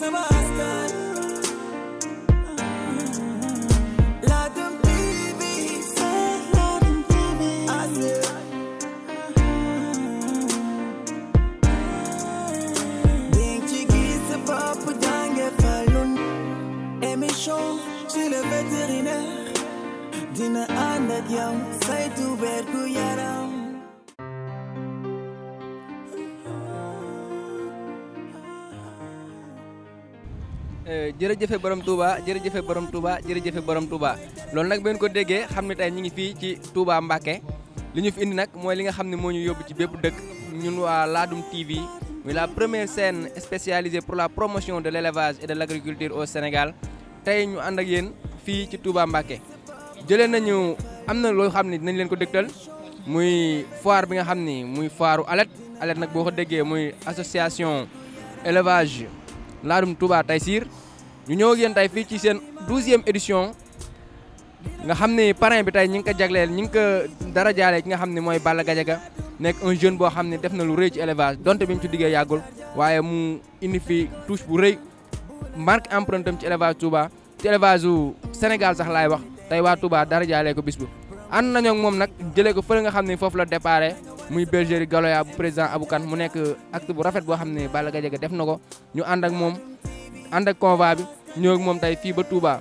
sama askan Ladoum TV c'est Ladoum TV dinga ci gis sa bopp jànge falun émission ci le vétérinaire dina ànd ak yow saytu wér Eh, jërëjëfe borom Touba jërëjëfe borom Touba jërëjëfe borom Touba loolu nag benn ko déggee xam ne tey ñu ngi fii ci Touba Mbacké li ñu fi indi nag mooy li nga xam ni moo ñu yóbbu ci bépp dëkk ñun waa Ladoum TV muy la première chaîne spécialisée pour la promotion de l'élevage et de l'agriculture au Sénégal tey ñu ànd ak yéen fii ci Touba Mbacké jëlee nañu am na loo xam ne dinañ leen ko dëgtal muy foire bi nga xam ni muy foiru alet alet nag boo ko déggee muy association élevage Ladoum Touba Tayssir ñu ñëw ak yéen tey fii ci seen douzième édition nga xam ne parrain bi tey ñi ngi ko jagleel ñi ngi ko dara jaale ki nga xam ne mooy Balla Gadiaga nekk un jeune boo xam ne def na lu rëy ci élevage donte bi mu ci diggee yàggul waaye mu indi fi touche bu rëy marque empreinte am ci élevage Touba ci élevage u Sénégal sax laay wax tey waa Touba dara jaale ko bis an ànd nañoo ak moom nag jëlee ko fële nga xam ne foofu la déparé muy bergerie Galoya bu président Aboukan mu nekk acte bu rafet boo xam ne Balla Gaye def na ko ñu ànd ak moom ànd ak convoi bi ñëw moom tey fii ba Touba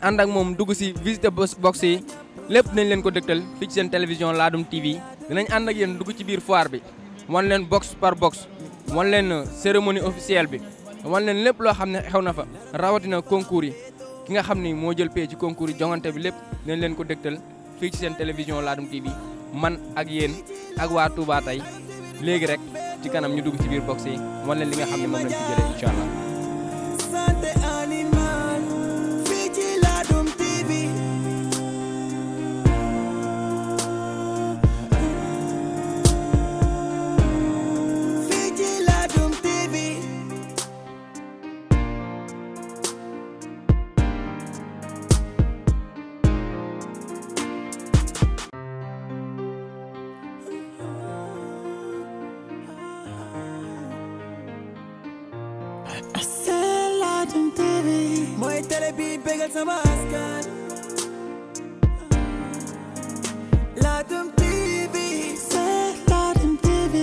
ànd ak moom dugg si visite box boxi lépp nañ leen ko dëgtal fii ci seen télévision Ladoum TV dinañ ànd ak yéen dugg ci biir foire bi wan leen box par box wan leen cérémonie officielle bi wan leen lépp loo xam ne xew na fa rawatina concours yi ki nga xam ni moo jël pee ci concours yi jongante bi lépp nañ leen ko dëgtal fii ci seen télévision Ladoum TV man ak yéen ak waa Touba tey léegi rek ci kanam ñu dugg ci biir box yi leen li nga xam ne moom lañ fi jëlee incha allah Sen TV mooy télé bi bégal sama askan Ladoum TV c'est Ladoum TV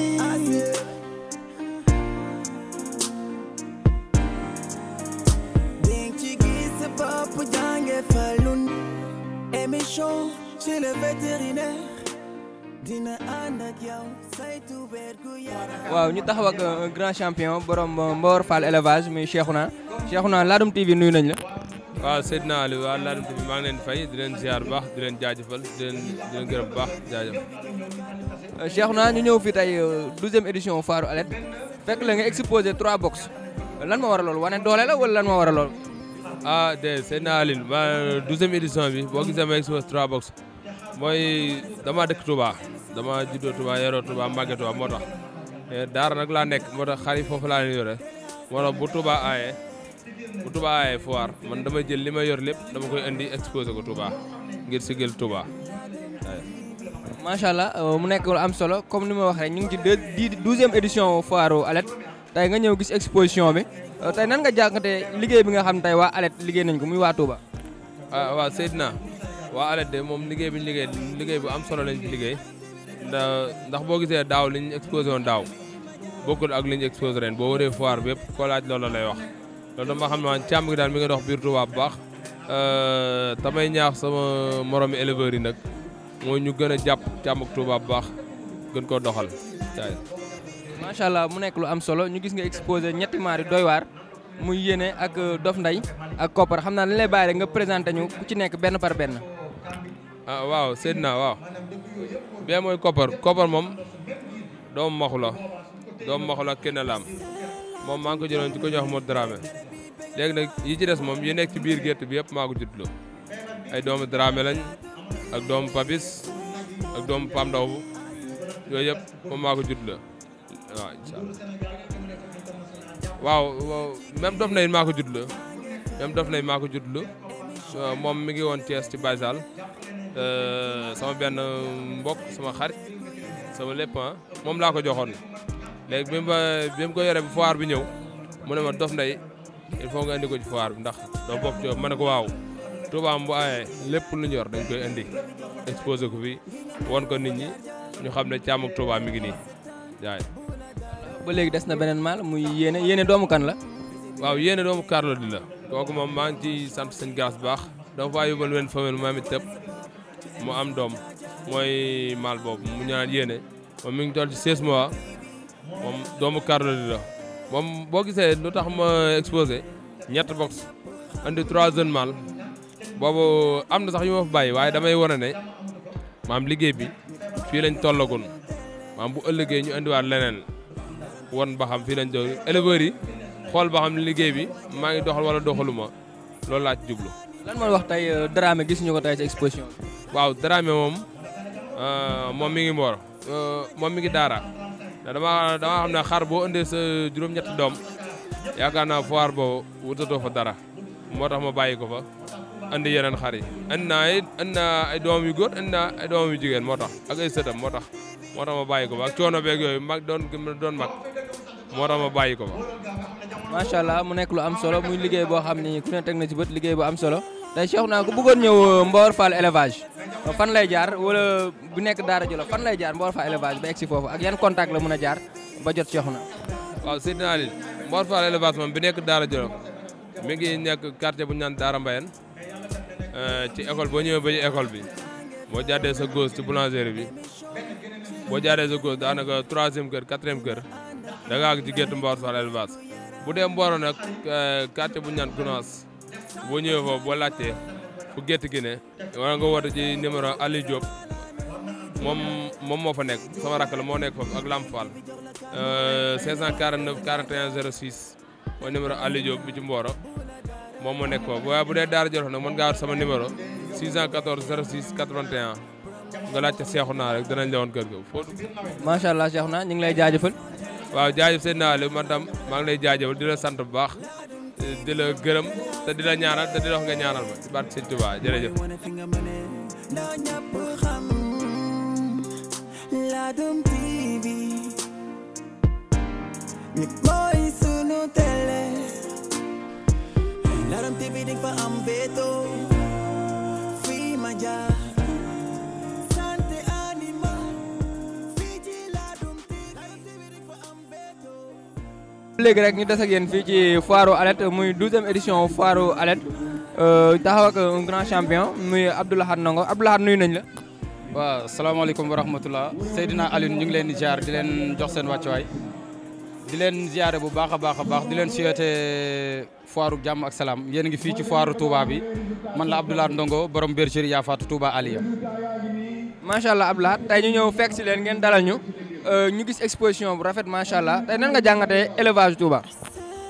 ding ci gis sa bopp jànge falun émission chez le vétérinaire waaw ñu taxawak ak euh, grand champion borom euh, Mbor Fall élevage muy Cheikhouna Cheikhouna Ladoum TV nuyu nañ la. a Seydina Aliou waaw Ladoum TV maa ngi fay di leen ziar bu baax di leen jaajëfal di leen di leen gërëm bu baax jaajëf. Euh, Cheikhouna ñu ñëw fii tey douzième édition Faaru Alet fekk la nga exposé trois box lan moo war lool wane doole la wala lan moo war a lool. ah de Seydina Aliou ba douzième édition bi boo gisee ma trois box. mooy dama dëkk Touba dama juddoo tubaa yaroo Touba màgge Touba moo tax eh, daara nag laa nekk moo tax xar foofu laa yore moo tax bu Touba aaye bu Touba aaye foire man damay jël li ma yor lépp dama koy indi exposé ko Touba ngir sigil Touba macha allah euh, mu nekk lu am solo comme ni ma wax rek ñu ngi ci deux dix douzième édition foire Alert tey nga ñëw gis exposition bi euh, tey nan nga jàngatee liggéey bi nga xam ne tey waa alet liggéey nañ ko muy waa Touba. ah waaw waa ALED de moom liggéey bi ñu liggéey liggéey bu am solo lañ ci liggéey ndax boo gisee daaw li ñu woon daaw bokkul ak li ñu exposé ren boo waree foire bi yëpp koo laaj loolu lay wax loolu ma xam ne càmm gi daal mi nga dox biir Touba baax euh, tamay ñaax sama moromi éleveurs yi nag mooy ñu gën a jàpp càmm ak Touba bu baax gën koo doxal caay allah mu nekk lu am solo ñu gis nga exposé ñetti maar yu doy waar muy yéene ak euh, Dof Ndeye ak Koppar xam naa dañ lay bàyyi rek nga présenté ñu ku nekk benn par Ah, waaw seet naa waaw bee mooy koppar koppar moom doomu maxu la doomu maxu la kenn moom maa ngi ko jëloon ci ko ñu wax Modou léegi nag yi ci des moom yi nekk ci biir gerte bi yëpp maa ko ay doomu Dramé lañ ak doomu Pabis ak doomu Pam Ndaw yooyu yëpp moom maa ko juddloo waaw incha allah dof nay maako ko juddloo même dof nay moom mi ngi woon Thiès ci Baye Euh, sama benn mbok sama xarit sama lépp ah, moom laa ko joxoon léegi bi ma bi ma ko yoree bu foire bi ñëw mu ne ma Dof Ndeye il faut nga indi ko ci foire bi ndax doo bokk ci ma ne ko waaw Touba bu ayee lépp lu ñu yor dañ koy indi exposé ko fi won ko nit ñi ñu xam ne càmm ak mi ngi nii jaay. ba léegi des na beneen maal muy yéene yéene doomu kan la. waaw yéene doomu Carlo di la kooku moom maa ngi ciy sant sëñ Galas bu baax dafa faa yóbbal leen famille mu am doom mooy maal boobu mu ñaan yéene moom mi ngi toll ci 16 mois moom doomu Carlou la moom boo gisee lu tax ma exposé ñett box andi trois jeunes mâles boobu am na sax yu ma fa bàyyi waaye damay wane ne maam liggéey bi fii lañ tollagun maam bu ëllëgee ñu indiwaat leneen won ba xam fii lañ doon éleveurs yi xool ba xam liggéey bi maa ngi doxal wala doxaluma loolu laa jublu. lan mooy wax tey euh, Dramé gis ñu ko tey ci exposition waaw Dramé moom euh, moom mi ngi mboor euh, moom mi ngi daara dama dama xam ne xar boo indee sa juróom-ñetti doom yaakaar naa foire boobu wutatoo fa dara moo tax ma bàyyi ko fa andi yeneen xar yi andi naa it ay doom yu góor andi naa doom yu jigéen moo tax ag ay sëtam moo tax moo tax ma bàyyi ko fa ak coono beeg yooyu mag doon doon mag moo tax ma bàyyi ko fa macha allah mu nekk lu am solo muy liggéey boo xam ni ku ne teg na ci bët liggéey bu am solo tey Cheikh naa ku bëggoon ñëw euh, Mbor Fall élevage fan lay jaar wala bu nekk Daara jolo fan lay jaar Mbor Fall élevage ba egg si foofu ak yan contact la mën a jaar ba jot Cheikh na waaw Seydina Ali Mbor Fall bi nekk Daara Jolof mi ngi nekk quartier bu ñu naan Daara Mbayeen euh, ci école boo ñëwee ba ci école bi boo jaadee sa gauche ci boulangerie bi boo jaadee sa gauche daanaka troisième kër quatrième kër da nga àgg ci gétt bu dee Mboro nag euh, quartier bu ñu naan Gunaas boo ñëwee foofu boo laajtee fu gétt gi ne war nga woote ci numéro Aliou Diop moom moom moo fa nekk sama rakk la moo nekk foofu ak Lam Fall 549 41 06 mooy numéro Aliou Diop bi ci Mboro moom moo nekk foofu bu dee Daara Jolof nag mën ngaa sama numéro 614 06 81 nga laajte Cheikhouna rek danañ la woon kër ga. macha allah Cheikhouna ñu ngi lay jaajëfal. waaw jaajëf seen naa la man tam maa ngi lay jaajëfal di la sant bu baax di la gërëm te di la ñaanal te di la wax nga ñaanal ma ci barke Sëñ Tuubaa jërëjëf Ladoum TV mooy sunu télé Ladoum TV di fa am fi ma léegi rek ñu des ak yéen fii ci foiru Alette muy douzième édition foiru Alette euh, taxaw ak un grand champion muy Abdou Lahad Ndongo Abdou Lahad nuyu nañ la. waaw salaamaaleykum wa rahmatullah Seydina Alioune ñu ngi leen di ziar di leen jox seen wàccuwaay di leen ziare bu baax a baax a baax di leen si souhaité foiru jàmm ak salaam yéen ngi fii ci foiru Touba bi man la Abdou Lahad Ndongo borom bergerie Yafatou Touba Aliya. macha allah Abdou Lahad tey ñu ñëw fekk si ngeen dalal ñu. Euh, ñu gis exposition bu rafet macha allah tey nan nga jàngatee élevage Touba.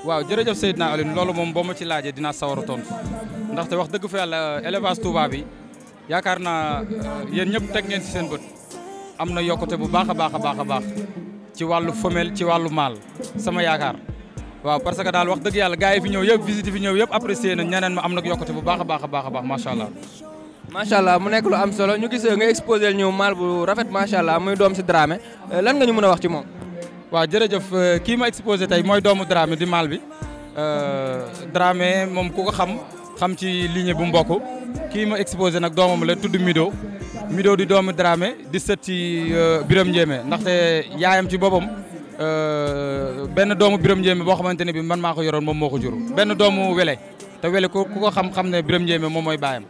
waaw jërëjëf Seydina Alioune loolu moom boo ma ci laajee dina sawar a tontu ndaxte wax dëgg fa yàlla euh, élevage Touba bi yaakaar naa euh, yéen ñëpp teg ngeen si seen bët am na yokkute bu baax a baax a baax a baax ci wàllu femelle ci wàllu maal sama yaakaar. waaw parce que daal wax dëgg yàlla gars yi fi ñëw yëpp visite fi ñëw yëpp apprécié nañ ñeneen ma am na yokkute bu baax a baax a baax a baax allah. macha allah mu nekk lu am solo ñu gisee nga exposé ñu maal bu rafet macha allah muy doom si Dramé euh, lan nga ñu mën a wax ci moom. waaw jërëjëf euh, kii ma exposé tey mooy doomu Dramé di mal bi euh, Dramé moom ku xam xam ci ligne bu mbokk kii ma exposé nag doomam la tudd Mido Mido di doomu Dramé di sët ci Biram Njéeme ndaxte yaayam ci boppam. benn doomu Biram Njéeme boo xamante ne bi man maa ko yoroon moom moo ko jur benn doomu wele te wele ku ko xam-xam ne Biram Njéeme moom mooy baayam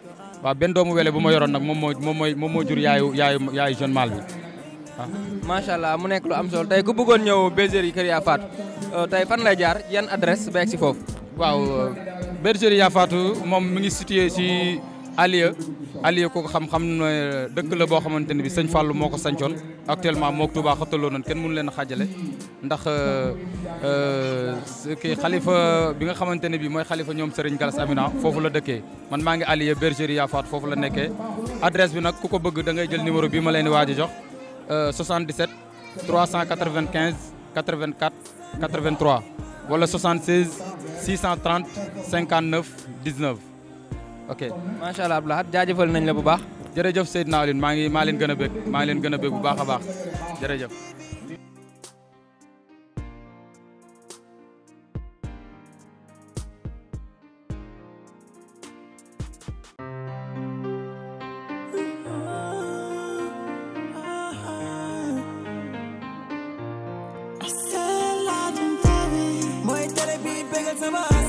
waaw benn doomu wele bu ma yoroon nag moom moo moom mooy moom moo jur yaayu yaayu yaayu bi waaw. allah mu nekk lu am tey ku bëggoon ñëw bergerie Kër Yaa Fatou euh, tey fan lay yan adresse ba egg si foofu. waaw euh, bergerie Yaa Fatou moom mi ngi si. Alieu Alieu kooku xam-xam ne dëkk la boo xamante ne bi sëñ Fallou moo ko sancoon actuellement mook Touba xattaloo noonu kenn mënu leen xaajale ndax euh, euh, kii xalifa bi nga xamante ne bi mooy xalifa ñoom Serigne Galas Amina foofu la dëkkee man maa ngi Alieu bergerie Yafaat foofu la nekkee adresse bi nag ku ko bëgg da ngay jël numéro bii ma leen di waaj a jox euh, 77 395 84 83 wala 76 630 59 19 ok macha allah Abdoulaye jaajëfal nañ la bu baax. jërëjëf Seydina Alioune maa ngi maa leen gën a bég maa leen gën a bég bu baax a baax jërëjëf. Somebody